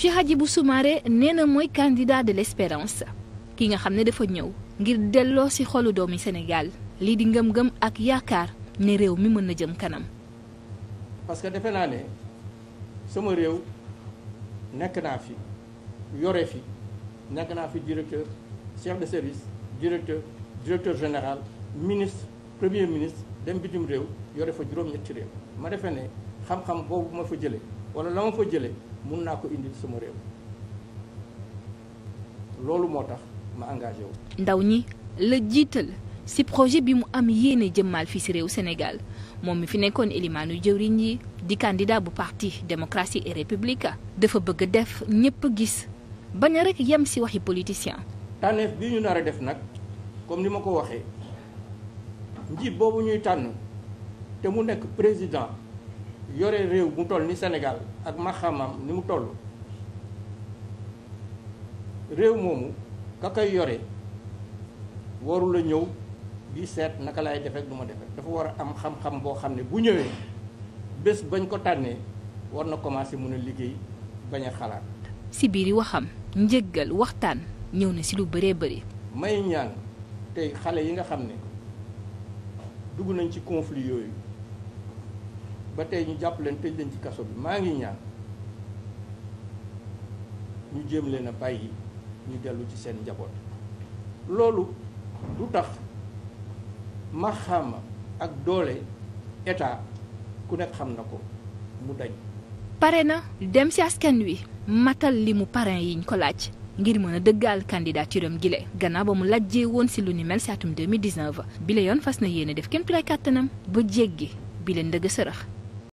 Cheikh bu Soumaré nee na mooy candidat de l'espérance ki nga xam ne dafa ñëw ngir delloo ci xolu doomi Sénégal lii di ngëm-ngëm ak yaakaar ne réew mi mën na jëm kanam. parce que defe naa ne sama réew nekk naa fi yore fi nekk naa fi directeur chef de service directeur directeur général ministre premier ministre dem bitim réew yore fa juróom-ñetti réew ma defe ne xam-xam boobu ma fa jëlee. wala la ma fa jëlee mun naa ko indil sama réew loolu moo tax ma engagé wu. ndaw ñi la jiital ci projet bi mu am yéene jëmmal fii ci réew senegal moom mi fi nekkoon élimaanu jëwriñ yi di candidat bu parti démocratie et république dafa bëgg def ñépp gis bañ a rekk yem ci waxi politicien. tànneef bi ñu nar a def nag comme li ma ko waxee njiit boobu ñuy tànn te mu nekk président. yore réew mu toll ni senegal ak maxamam ni mu toll réew moomu ka koy yore warula ñëw di seet naka laay defee du ma defee dafa war a am xam-xam boo xam ne bu ñëwee bés bañ ko tànnee war na commencé mën a liggéey bañ a xalaat. si biir yi waxam njëggal waxtaan ñëw na si lu bëree bëri. may ñaan tey xale yi nga xam ne dugg nañ ci conflit yooyu. ba tey ñu jàpp leen tëj ci kaso bi maa ngi ñaan ñu jéem leen bàyyi ñu dellu ci seen njaboot loolu du tax maxaama ak doole état ku nekk xam na ko mu dañ. pare na dem ci askan wi matal li mu parrain yiñ ko laaj ngir mën a dëggaal candidature am gile gannaaw ba mu lajjee woon ci lu ni mel ci atum 2019 bile yoon fas na yéene def kenn tulaay kàttanam ba jéggi bile dëgg sërëx